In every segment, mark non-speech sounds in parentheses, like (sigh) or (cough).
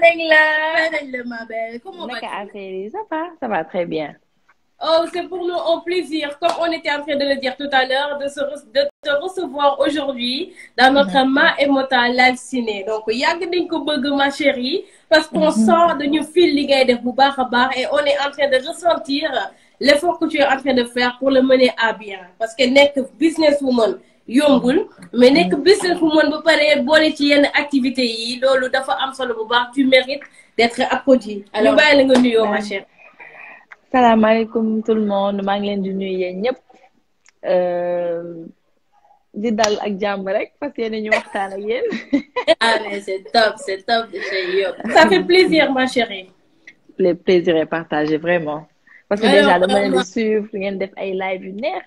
Madeleine ma belle. comment vas-tu naka ça va ça va très bien. Oh, plaisir comme on était en train de le dire tout à l'heure de se de te recevoir aujourd'hui dans notre mm et Mota live ciné donc yàgg nañ ko bëgg ma chérie parce qu'on mm -hmm. sent dañu fil li ngay def bu baax a baax et on est en train de ressentir l'effort que tu es en train de faire pour le mener à bien parce que nekk business woman yombul mais nekk business woman ba pare boole ci yenn activité yi loolu dafa am solo bu baax tu mérites d'être applaudi alors ñu bàyyi la nga nuyoo ma chère. salaamaaleykum tout le monde maa ngi leen di nuyu yéen ñëpp euh, di dal ak jàmm rek parce que yéen ñu waxtaan ak yéen. (laughs) ah mais c'est top c'est top de chez yow. ça plaisir ma chérie. le plaisir est partagé vraiment. parce que déjà dama leen di suivre ngeen def ay live yu neex.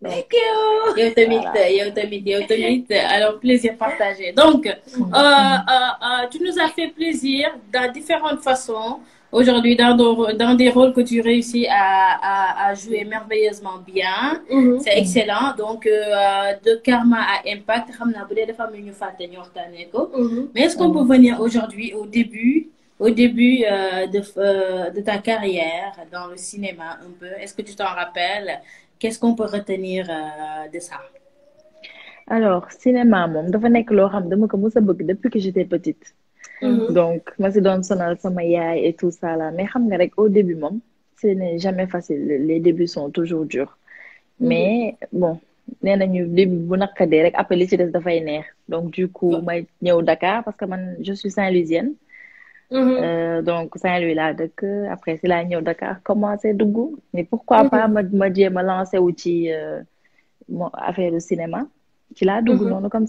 nekk yow. yow tamit yow tamit yow tamit alors plaisir partagé donc. Euh, euh, euh, tu nous as fait plaisir dans différentes façons aujourd'hui dans dans des rôles que tu réussis à à à jouer merveilleusement bien. Mm-hmm. c'est excellent donc de Karma à Impact xam naa bu dee dafa am ñu fàtte ñu waxtaanee ko. Mm-hmm. mais est-ce qu'on peut venir aujourd'hui au début. au début euh, de euh, de ta carrière dans le cinéma un peu est-ce que tu t'en rappelles qu'est-ce qu'on peut retenir euh, de ça alors cinéma moom dafa nekk loo xam dama ko mës a bëgg depuis que j'étais petite mhm. donc ma si doon sonal sama yaay et tout ça mais xam nga rek au début moom ce n'est jamais facile les débuts son toujours durs mhm. mais bon nee nañu début bu naqadee rek après li ci des dafay neex donc du coup may ñëw Dakar parce que man je suis Saint-Louisienne Mm-hmm. Euh, donc Saint-Louis laa dëkk après si laa ñëw Dakar commencé dugg mais pourquoi mm-hmm. pas ma ma jéem a lancé wu ci euh, mo affaire du cinéma ci laa dugg mm-hmm. noonu comme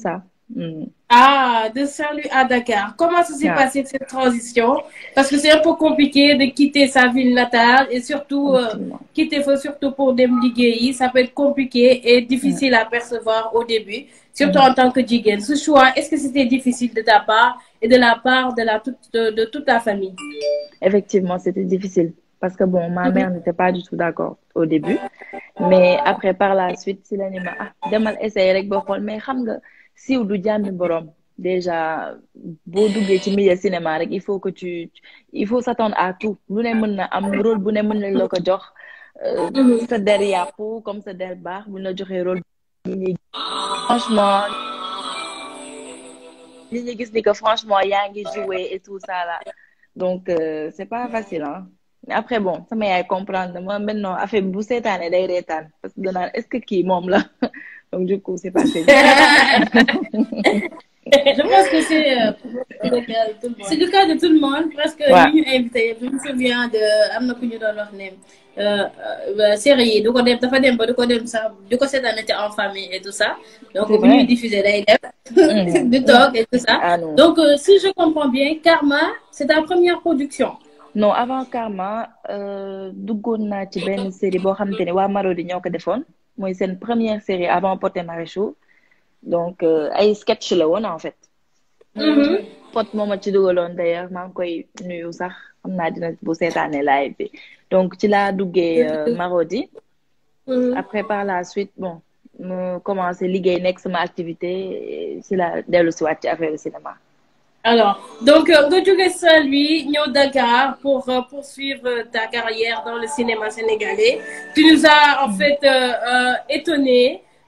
mm. ah, de Saint-Louis à Dakar comment ça s'est yeah. passé cette transition parce que c'est un peu compliqué de quitter sa ville natale et surtout euh, quitter surtout pour dem liggéeyi ça peut être compliqué et difficile à percevoir au début surtout mm en tant que jigéen ce choix est-ce que c'était difficile de ta et de la part de, la, de, de toute la famille. Effectivement, c'était difficile parce que bon, ma mhm. mère mm -hmm. n'était pas du tout d'accord au début. Mais après, par la suite, si l'année m'a ah, demal essayer avec Bokol, mais si ou du borom, déjà, beau doublé, tu milieu cinéma, il faut que tu, il faut s'attendre à tout. Nous n'aimons pas, am rôle, nous n'aimons pas le codeur, c'est derrière pour, comme c'est derrière bar, nous n'aimons pas le rôle. Franchement, li gis ni que franchement yaa ngi jouer et tout donc euh, c'est pas facile après bon sama yaay comprendre ma maintenant affaire bu seetaane day reetaan parce que danaan est-ce que kii moom la (laughs) donc c'est passé. (laughs) c'est euh, c'est le cas de tout le monde. parce que ñu invité je me souviens de am na ku ñu doon Euh, euh, série yi du ko dem dafa dem ba du ko dem sax du ko seetaane ci en famille et tout ça donc bu ñuy diffuser day dem mm. (laughs) du toog et tout ça ah, donc euh, si je comprends bien Karma c'est ta première production non avant Karma duggoon naa ci benn série boo xamante ne waa Marodi ñoo ko defoon mooy seen première série avant Pod et donc ay sketch la woon en fait mm-hmm. pot moo ma ci dugaloon d'ailleurs maa ngi koy nuyu sax xam naa bu seetaane live donc ci laa duggee euh, mm-hmm. Marodi mm-hmm. par la suite bon commencé liggéey nekk sama activité ci la dellu si ci affaire cinéma alors donc euh, nga jóge Saint-Louis ñëw Dakar pour euh, poursuivre ta carrière dans le cinéma sénégalais tu nous as en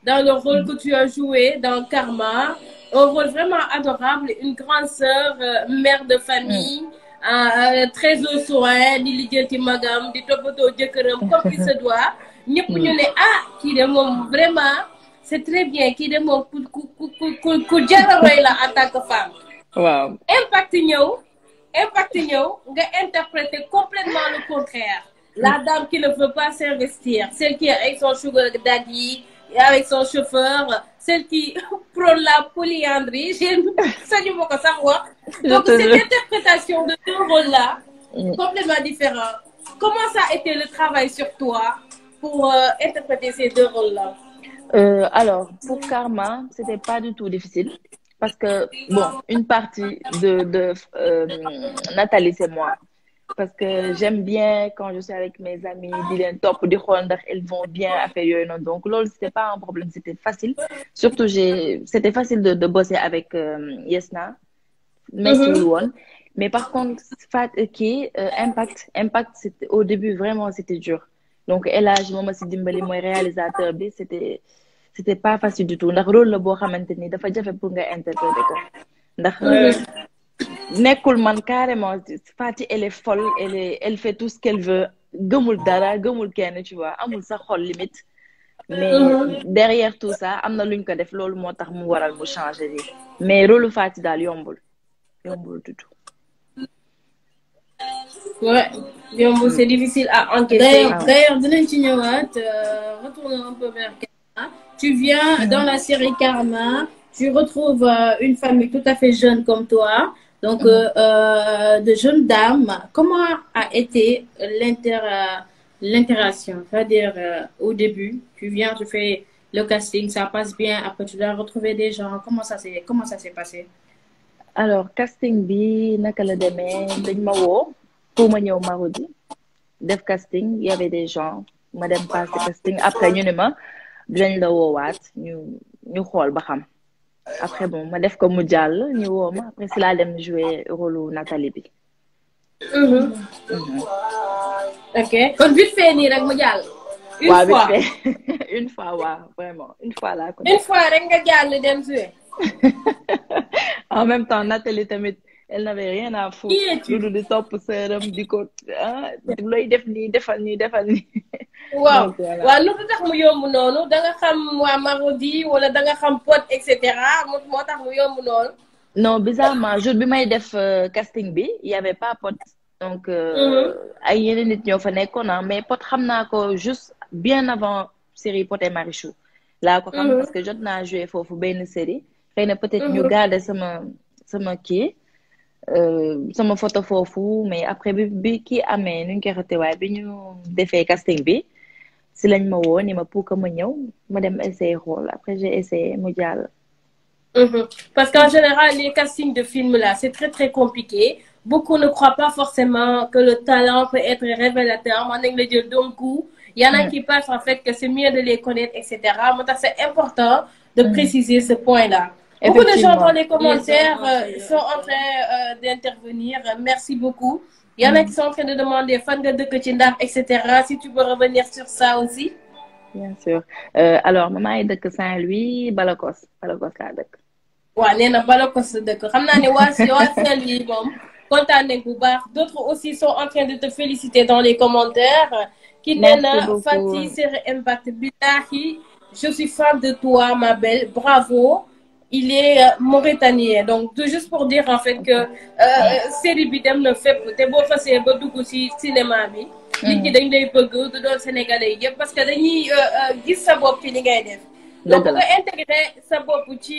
dans le rôle que tu as joué dans Karma un rôle vraiment adorable une grande sœur euh, mère de famille. très au soin di lijjanti magam di toppatoo jëkkëram comme il se doit. ñëpp ñu ne mm. ah kii de moom vraiment c' est très bien kii de moom ku ku a roy la en tant femme. waaw impact ñëw. impact ñëw nga interpréter complètement le contraire. la mm. dame qui ne veut pas s'investir celle qui a son sugar daddy E avec son chauffeur celle qui prône la polyandrie e, sañu ma ko sax wax donc cette interprétation de deux rôles là complètement différents comment ça a été le travail sur toi pour euh, interpréter ces deux rôles là euh, alors pour Karma c'était pas du tout difficile parce que bon une partie de de euh, Nathalie c'est moi parce que j'aime bien quand je suis avec mes amis di leen topp di xool ndax elles vont bien affaire yooyu noonu donc loolu c'était pas un problème c'était facile surtout j'ai facile de de bosser avec euh, Yesna mesiwul mm-hmm. woon mais par contre Fat euh, kii euh, impact impact c'était au début vraiment c'était dur donc El Hadj moom a si dimbali mooy réalisateur bi c'était c'était pas facile du tout ndax rôle la boo xamante ni dafa jafe pour nga interpréter ko ndax nekkul man carrément Fati elle est folle elle fait tout ce qu'elle veut gëmul dara gëmul kenn tu vois amul sa xol limite mais mhm. derrière tout ça am na luñ ko def loolu moo tax mu waral mu changer bi mais rôle Fati daal yombul yombul du tout. ouais yombul c'est difficile à encaisser. d'ailleurs ah dinañ ci euh, un peu vers tu viens mhm. dans la série Karma tu retrouves euh, une famille tout à fait jeune comme toi. Donc, mm de jeunes dames, comment a été euh, l'interaction C'est-à-dire, euh, au début, tu viens, tu fais le casting, ça passe bien, après tu dois retrouver des gens. Comment ça s'est, comment ça passé Alors, casting bi, naka la demee dañ ma woo pour ma ñëw mardi def casting il y avait des gens ma dem passe casting après ñu ne ma dinañ la woowaat ñu ñu xool ba xam. après bon ma def ko mu jàll ñu woo ma après si laa dem jouer rôle lu Nathalie bi. Mhm. Mhm. ok kon vite fait nii rek mu jàll. une fois waaw vite fait (laughs) une fois waaw vraiment une fois laa ko. une fois rek nga jàll dem jouer. (laughs) en même temps Nathalie elle n'avait rien à foutre. lu dul di topp seeram di ko ah, looy def nii defal nii defal nii. (laughs) waaw waaw lu tax mu yomb noonu da nga xam waa Marodi wala da nga xam pot et cetera moo tax mu yomb noonu. non bizarrement jour bi may def euh, casting bi y avait pas donc euh, mhm. ay yeneen nit ñoo fa nekkoon ah mais pot xam naa ko juste bien avant série Pod et Marichou. laa ko xam mhm. parce que jot naa joué foofu bay na série. xëy na peut-être ñu mhm. garder sama sama kii. sama photo foofu mais après bi bi kii amee nuñ koy xotee waaye bi ñu defee casting bi si lañ ma woo ni ma pour que ma ñëw ma dem essayer xool après j'ai essayé mu mmh. parce qu'en général les castings de films là c'est très très compliqué beaucoup ne croient pas forcément que le talent peut être révélateur mën nañ la jël y en a mmh. qui pensent en fait que c'est mieux de les connaître et cetera moo tax c'est important de préciser ce point là. Beaucoup de gens dans les commentaires euh, sont en train euh, d'intervenir. Merci beaucoup. Il y en a qui sont en train de demander fan de Ndar, etc. Si tu peux revenir sur ça aussi. Bien sûr. Euh, alors, maman est de Saint-Louis, Balakos. Balakos laa dëkk. waaw nee na Balakos la dëkk xam naa ne waa waa Saint-Louis moom kontaan nañ d'autres aussi sont en train de te féliciter dans les commentaires. ki nee na Fati Séré Impact bi je suis fan de toi ma belle il est euh, mauritanien donc juste pour dire en fait que euh, série bi dem na fépp te boo fasee ba dugg ci cinéma bi. Mm-hmm. nit ñi dañ lay bëgg du doon sénégalais yëpp parce que dañuy euh, gis sa bopp ci li ngay def. donc nga intégré sa bopp ci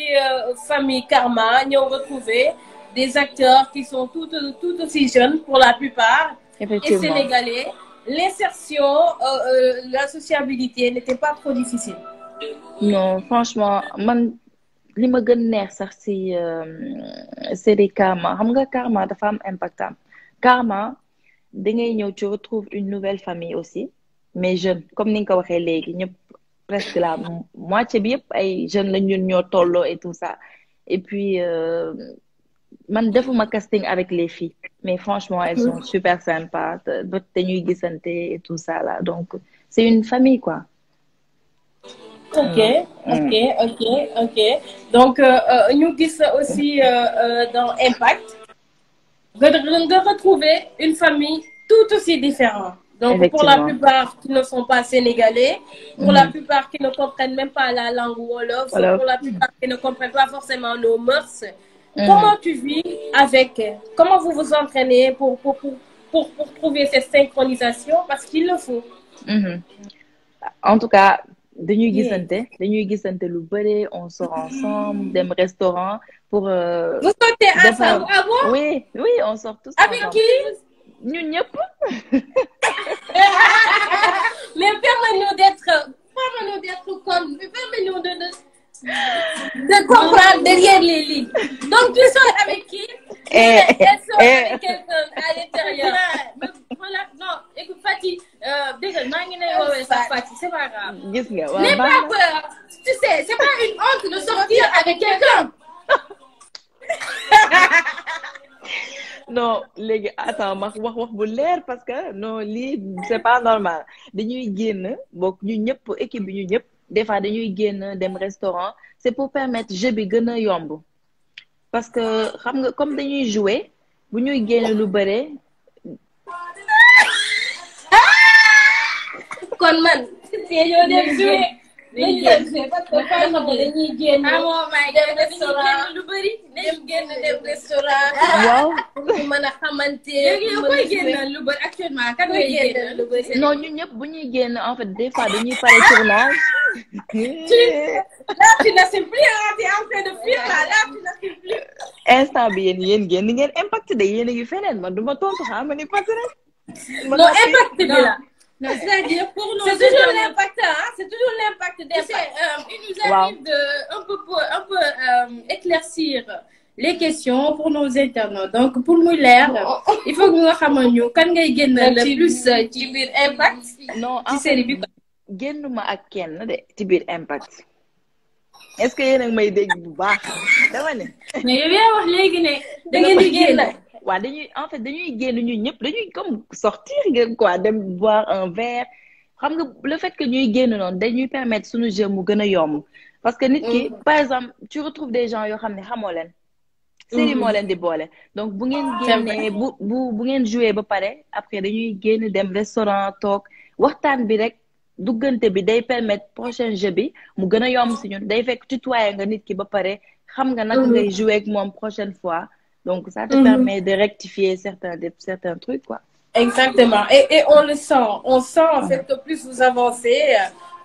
famille Karma ñëw retrouver des acteurs qui sont tout tout aussi jeunes pour la plupart. effectivement et sénégalais l'insertion euh, la sociabilité n'était pas trop difficile. non franchement li ma gën neex sax si euh, série Karma xam nga Karma dafa am impact am Karma da ngay ñëw tu retrouves une nouvelle famille aussi mais jeune comme ni nga ko waxee léegi ñëpp presque la moitié bi yëpp ay jeunes la ñun ñoo tolloo et tout ça et puis euh, man defuma casting avec les filles mais franchement elles mm. sont super sympas ba te ñuy gisante et ça là donc c'est une famille quoi ok euh, hmm. ok ok donc euh, euh, ñu euh, gis aussi dans Impact nga nga retrouver une famille tout aussi différente donc pour la plupart qui ne sont pas sénégalais pour la hmm. plupart qui ne comprennent pas la langue wolof voilà. pour la plupart qui ne comprennent pas forcément nos mœurs hmm. comment tu vis avec comment vous vous entraînez pour trouver cette synchronisation parce qu'il le faut en tout cas dañuy gisante dañuy gisante lu bëre on sort mm. ensemble dem restaurant pour. Euh, vous sortez ensemble oui oui on sort tous ensemble. avec qui. ñun ñëpp. mais (laughs) permets d'être permets d'être comme permets-nous de de comprendre derrière les lignes. Donc, tu sors avec qui et, eh, Elle sort eh, avec quelqu'un eh. euh, ngi lay woowee gis nga waaw pas peur. Tu sais, c'est pas une honte de sortir avec quelqu'un. (laughs) non léegi attends ma wax wax bu leer parce que non lii c'est pas normal dañuy génn bokk ñu ñëpp équipe bi ñu ñëpp. des fois dañuy génn dem restaurant c'est pour permettre jeu bi gën a yomb parce que xam nga comme dañuy jouer bu ñuy génn lu bare (laughs) kon man. dañuy génn parce que bu ñuy génn en fait des fois dañuy pare tournage. là tu ne sais plus là tu es en de fuir là là tu ne sais instant bi yéen yéen génn ngeen impact de yéen a ngi feneen man du ma tontu xam nga impact rek. non impact bi la. c'est-à-dire pour nous c'est toujours l'impact ah c'est toujours l'impact d'impact. Euh, il nous arrive de un peu euh, éclaircir les questions pour nos internautes donc pour muy leer oh. il faut que nga xamal ñu kan ngay génn le plus euh, ci biir impact. non en série bi génnuma ak kenn de ci biir impact. est-ce que yéen a may dégg bu baax dama ne. mais yow wax léegi ne da waa dañuy en fait dañuy génn ñun ñëpp dañuy comme sortir ngeen quoi dem boire un verre xam nga le fait que ñuy génn noonu dañuy permettre suñu jeu mu gën a yomb parce que nit ki mm. par exemple tu retrouves des gens yoo xam ne xamoo leen série mm-hmm. moo leen di boole donc bu ngeen génnee bu bu bu ngeen joué ba pare après dañuy génn dem restaurant toog waxtaan bi rek duggante bi day permettre prochain jeu bi mu gën a yomb si ñun day fekk tutoyer nga nit ki ba pare xam nga naka mm-hmm. ngay moom prochaine fois Donc, ça te mm -hmm. permet de rectifier certains, de, certains on le sent. On sent, en fait, que plus vous avancez,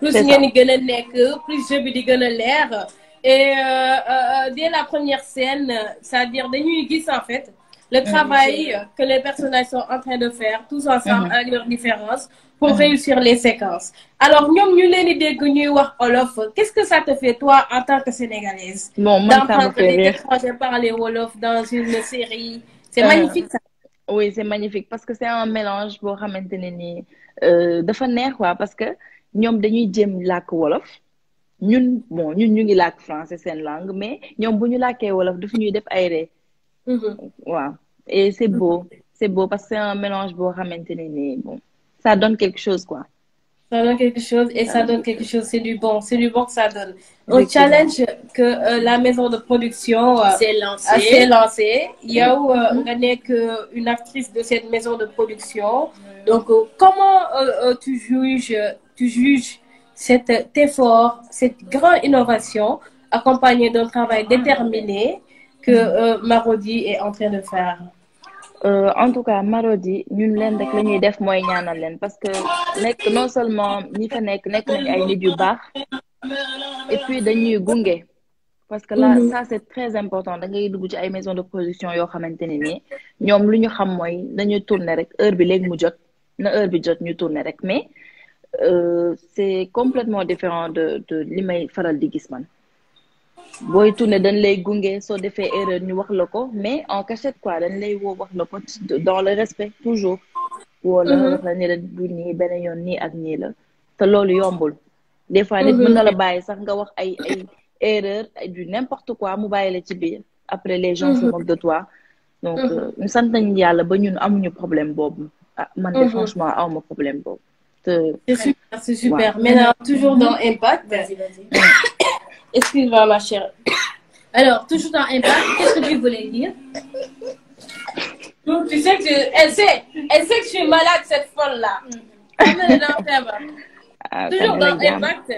plus ngeen di gën a nekk, plus jeu bi di gën a leer. Et euh, euh, euh dès la première scène, c'est-à-dire dañuy gis, en fait, le ah, travail que les personnages sont en train de faire tous ensemble uh-huh. avec leurs différences pour réussir les séquences alors ñoom ñu leen di dégg ñuy wax olof qu'est-ce que ça te fait toi en tant que sénégalaise bon man ça me fait rire d'étrangers parler wolof dans une série euh, c'est magnifique parce que c'est un mélange boo xamante ne nii euh, dafa neex quoi parce que ñoom dañuy jéem làkk wolof ñun bon ñun ñu ngi làkk français seen langue mais ñoom bu ñu làkkee wolof dafa ñuy def ay waaw et c'est beau c'est beau parce que c'est un mélange boo xamante ne ni bon ça donne quelque chose quoi. ça donne quelque chose et ça donne quelque chose c'est du bon c'est du bon que ça donne. un challenge que euh, la maison de production. Euh, s'est lancée s'est lancée. yow nga nekk une actrice de cette maison de production. Mm. donc euh, comment euh, euh, tu juges tu juges cet euh, effort cette grande innovation accompagnée d'un travail déterminé. que euh, Marodi est en train de faire euh, en tout cas Marodi ñu leen rek la ñuy def mooy ñaanal leen parce que nekk no seulement ñi fa nekk nekk nañu ay nit yu baax et puis dañuy gunge parce que la mhm. ça c'est très important da ngay dugg ci ay maison de production yoo xamante ne nii ñoom lu ñu xam mooy dañuy tourner rek heure bi léegi mu jot na heure bi jot ñu tourner rek mais euh, c'est complètement différent de de li may faral di gis man booy tourné dañ lay gunge soo defee erreur ñu wax la ko mais en cachette koi dañ lay woo wax la ko dans le respect toujours wala mhm. wax la ni la du nii beneen yoon nii ak nii la te loolu yombul des fois nit mën mhm. na la bàyyi sax nga wax ay ay du n'importe quoi mu bàyyi la ci biir après les gens se mhm. moquent de toi donc euh, ñu sant nañ yàlla ba ñun amuñu problème boobu ah man de franchement awma problème boobu te super toujours dans impact Excuse-moi, ma chère. Alors, toujours dans Impact, qu'est-ce que je suis malade, cette folle-là. Mm. Ah, toujours dans Impact,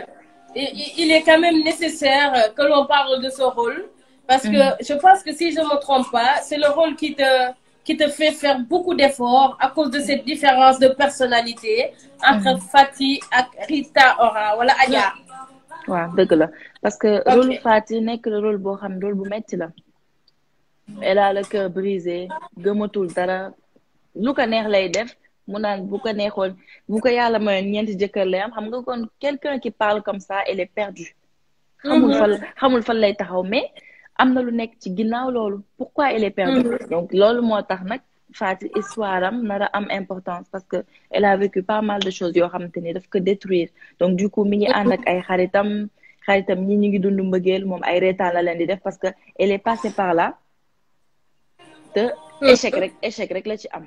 il est quand même nécessaire euh, que l'on parle de ce rôle. Parce que mm. je pense que si je ne trompe pas, c'est le rôle qui te, fait faire beaucoup d'efforts à cause de cette différence de personnalité entre mm. Fatih et Ora. Voilà, Aya. waaw dëgg la parce que rôle Faty nekk na rôle boo xam rôle bu metti la elle a le cœur brisé gëmatul dara lu ko neex lay def mu naan bu ko neexoon bu ko yàlla mayoon ñeenti jëkkër lay am xam nga kon quelqu'un qui parle comme ça elle est perdue mhm. xamul fan lay taxaw mais am na lu nekk ci ginnaaw loolu pourquoi elle est perdue mhm. donc loolu moo tax nag Faty histoire am nar am importance parce que elle a vécu pas mal de choses yoo xamante ni daf ko détruire donc du mi ngi ànd ak ay xaritam xaritam ñi ñu ngi dund mbëggeel moom ay reetaan la leen di def parce que elle est passée par là te échec rek échec rek la ci am.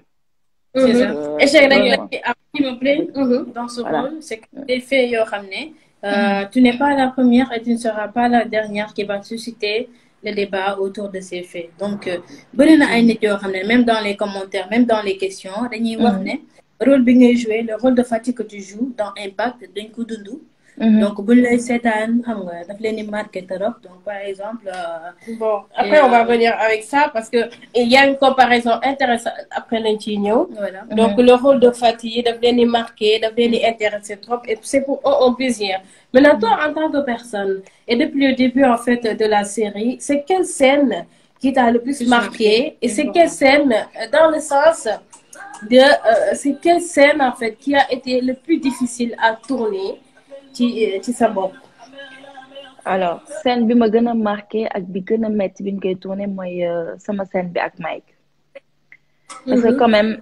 Euh, échec rek la ci am mhm. mhm. qui yoo xam ne. Euh, tu n'es pas la première et ne seras pas la dernière qui va susciter. le débat autour de ces faits donc euh, bëri na ay nit yoo xam ne même dans les commentaires même dans les questions dañuy wax mm. ne rôle bi ngay jouer le rôle de fatigue que tu joues dans Impact dañ ko dund Mm-hmm. donc buñ lay seetaan xam nga daf leen di marqué trop donc par exemple. Euh, bon après on va euh, revenir avec ça parce que il y a une comparaison intéressante après nañ ñëw. voilà donc mm-hmm. le rôle de Fati daf leen di marqué daf leen di mm-hmm. intéressé trop et c'est pour un plaisir. maintenant toi en tant que personne et depuis le début en fait de la série c'est quelle scène qui t'a le plus marqué et c'est quelle euh, dans le sens. de euh, c'est quelle scène en fait qui a été le plus difficile à tourner ci ci sa bopp. alors scène bi ma gën a marqué ak bi gën a metti bi ñu koy tourné mooy euh, sama scène bi ak Mike. parce que mhm. quand même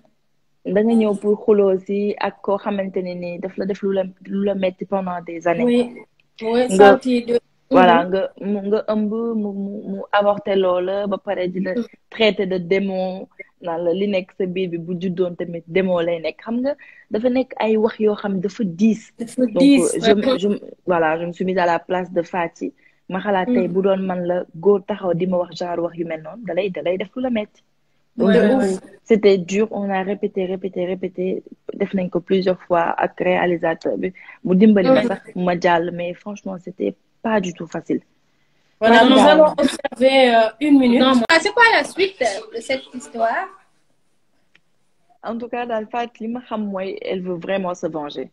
da ñëw pour xuloo si ak koo xamante ne ni def la def lu la metti pendant des années. oui oui sorti de. Mhm. nga mu nga ëmb mu mu avorté loola ba pare di la mhm. traité de démon naan la li nekk sa biir bi bu juddoon tamit demoo lay nekk xam nga dafa nekk ay wax yoo xam dafa diis. dafa diis je je voilà je me suis mise à la place de Fati. ma xalaat tey mm. bu doon man la góor taxaw di ma wax genre wax yu mel noonu da lay def lu la metti donc c'était dur on a répété répété def nañ ko plusieurs fois ak réalisateur bi mu dimbali ma sax ma jàll mais franchement c'était pas du tout facile Voilà, nous allons observer euh, ah, suite de cette histoire? En tout cas daal Fatou li ma xam mooy elle veut vraiment se venger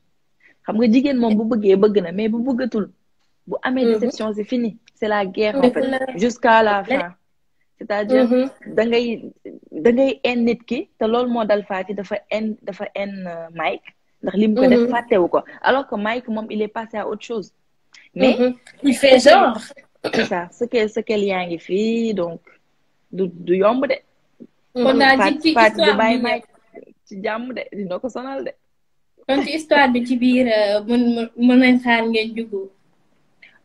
xam nga jigéen moom bu bëggee bëgg na mais bu bëggatul bu amee mhm. déception c'est fini c'est la guerre en fait jusqu'à la fin c'est-à-dire mhm. da ngay da nit ki te loolu moo dal Fatou dafa en dafa en euh, Mike ndax li mu ko def mhm. ko alors que Mike moom il est passé à autre chose mais il fait genre c'est ça sëkkeel sëkkeel yaa ngi fii donc du du yomb de. kon mm-hmm. ci histoire ci jàmm de dina ko sonal de. histoire bi ci biir euh, mën mën nañ xaar ngeen juboo.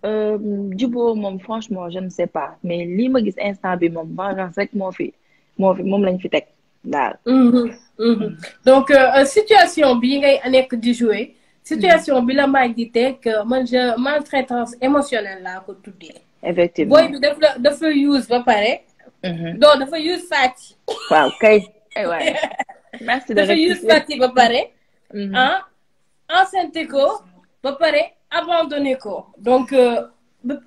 Euh, juboo moom franchement je ne sais pas mais lii ma gis instant bi moom vengeance rek moo fi moo fi moom lañ fi teg daal. Mm-hmm. Mm-hmm. donc euh, situation bii ngay nekk di jouer. situation bi la mbaaj di teg man je maltraitance émotionnelle laa ko tuddee. effectivement booy use ba pare. donc mhm. dafa use sàcc. (laughs) de dafa use sàcc ba pare. Mhm. ah enceinte ko ba pare abandonné ko donc. Euh,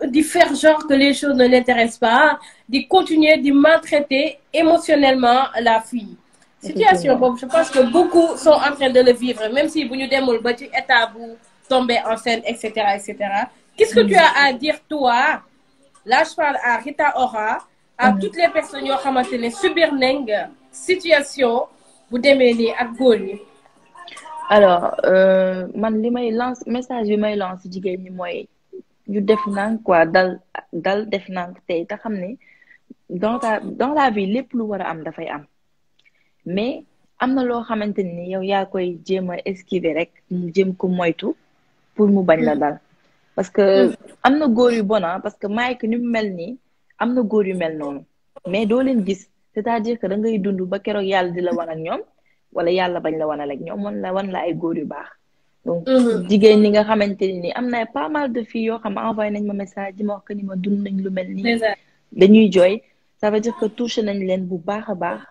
di faire genre que les choses ne l'intéressent pas di continuer di maltraiter émotionnellement la fille situation boobu je pense que beaucoup sont en train de le vivre même si bu ñu demul ba ci état bu tomber enceinte et cetera et cetera qu'est-ce que mm. tu as à dire toi là je parle à Rita Ora à mm. toutes les personnes yoo xamante ne subir nañ situation bu demee nii ak góor ñi alors euh, man li may lance message bi may lance jigéen ñi mooy ñu def nang quoi dal dal def nang tey te xam ne dans ta dans la vie lépp lu war a am dafay am mais am na loo xamante ni yow yaa koy jéem a esquiver rek jéem ko moytu pour mu bañ la mm. dal. parce que mm. am na góor yu bon ah, parce que Mike ni mu mel nii am na góor yu mel noonu mais doo leen gis c'est-à-dire que da ngay dund ba keroog yàlla di la wan ak ñoom wala yàlla bañ la wan ak ñoom wan la wan la ay góor yu baax. donc mm-hmm. jigéen ñi nga xamante ni am na pas mal de filles yoo xam ne envoyé nañ ma message di ma wax que ni ma dund nañ lu mel nii. dañuy jooy ça veut dire que nañ leen bu baax a baax.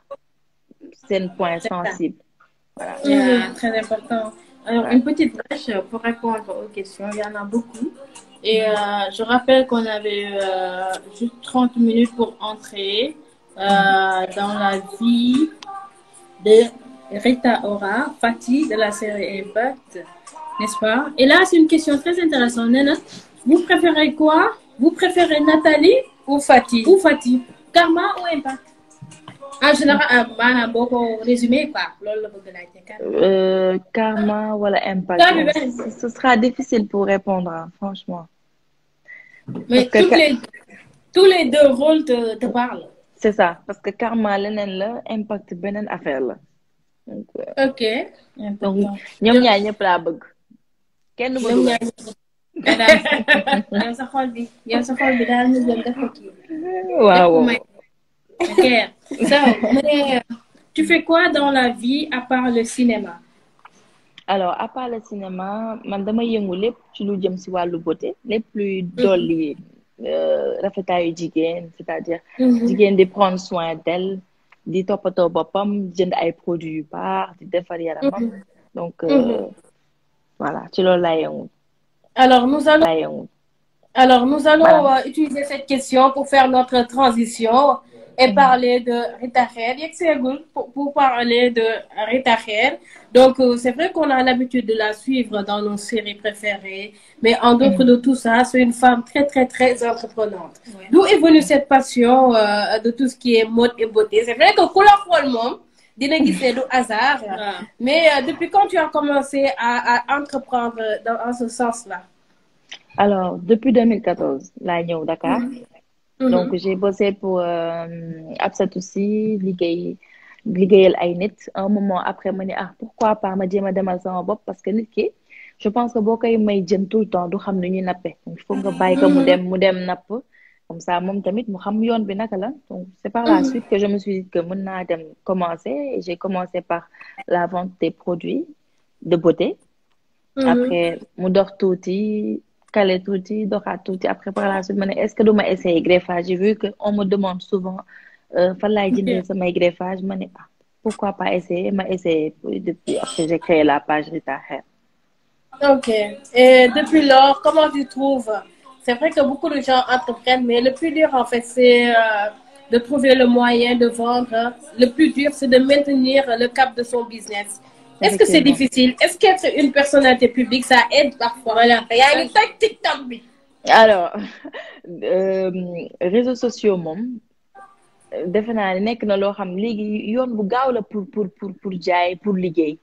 seen point sensible. très important. une petite brèche pour répondre aux questions. Il y en a beaucoup. Et euh, je rappelle qu'on avait euh, juste 30 minutes pour entrer euh, dans la vie de Rita Ora, Fatih de la série Impact, n'est-ce pas Et là, c'est une question très intéressante. Nena, ou Fatih Ou Fatih Karma ou Impact en euh, la bëgg laajte euh, karma. wala impatience. ce sera difficile pour répondre franchement. mais tous les deux rôles te te c'est ça parce que karma leneen la impact beneen affaire la. Euh, ok. donc ñoom ñaar ñëpp laa bëgg. kenn bëgg (laughs) yow sa xol bi yow sa xol bi daal ñu jël dafa kii. waaw. Ok. So, mais tu fais quoi dans la vie à part le cinéma? alors à part le cinéma man dama yëngu lépp ci lu jëm si wàllu beauté lépp luy dolli mhm. euh, rafetaayu jigéen c'est-à-dire mhm. jigéen di prendre soin d'elle di toppatoo boppam jënd ay produits yu baax di defar yaramam mhm. donc euh, voilà ci loolu laa yëngu alors alors nous allons euh, utiliser cette question pour faire notre transition et parler de Rita Kher yegg seegul pour parler de Rita donc euh, c'est vrai qu'on a l'habitude de la suivre dans nos séries préférées mais en dehors de tout ça c'est une femme très très très entreprenante d'où est cette passion euh, de tout ce qui est mode et beauté c'est vrai que ku la xool moom dina gisee du hasard (laughs) mais euh, depuis quand tu as commencé à à entreprendre dans en ce sens là alors depuis 2014 laa ñëw Dakar mm-hmm. Mm -hmm. donc j'ai bossé pour euh, Absat aussi liggéey liggéeyal ay nit un moment après ma ne ah, pourquoi pas ma jéem a demal sama bopp parce que nit ki je pense que boo koy may jën tout le temps du xam ni ñu nappe il faut nga bàyyi ko mu mm-hmm. dem mu napp comme ça moom tamit mu xam yoon bi naka la donc c'est par la mm-hmm. suite que je me suis dit que mën naa dem commencer et j'ai commencé par la vente produit produits de beauté mm-hmm. après mu dox caler tuuti doxaat tuuti après par la suite ma est-ce que duma essayer greffage vu que on me demande souvent euh, ma ah, pourquoi pas essayer ma essayer depuis la page Rita Hair. ok lors comment tu trouves c'est vrai que beaucoup de gens entreprennent mais le plus dur en fait c'est euh, de trouver le moyen de vendre le plus dur c'est de maintenir le cap de son business. est-ce que c'est difficile est-ce qu'être une personnalité publique ça aide parfois. voilà yaa ngi toj TikTok bi. alors (laughs) euh, réseaux sociaux moom defe naa ne nekk na loo xam léegi yoon bu gaaw la pour pour pour pour jaay pour liggéey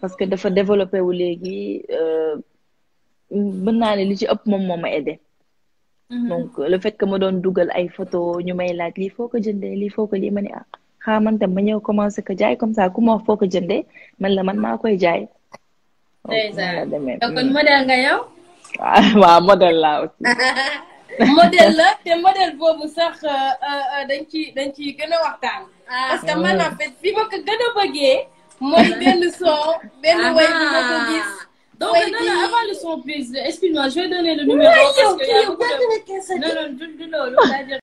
parce que dafa développé wu léegi euh, mën naa ne li ci ëpp moom moo ma aidé. Mhm. donc le fait que ma doon dugal ay photo ñu may laaj lii foo ko jëndee lii foo ko lii ma ne ah, xaa man tam ma ñëw commencé ko jaay comme ça ku ma wax foo ko jëndee man la man maa koy jaay. kon nga yow. (laughs) waaw (laughs) la te modèle boobu sax euh, euh, euh, dañ ci dañ ci a waxtaan. Ah, parce que man ah. en ma ko gën a mooy benn son benn ah, way bi ma ko gis. donc non non avant le son plus excuse-moi je donner le numéro. parce que y' a beaucoup de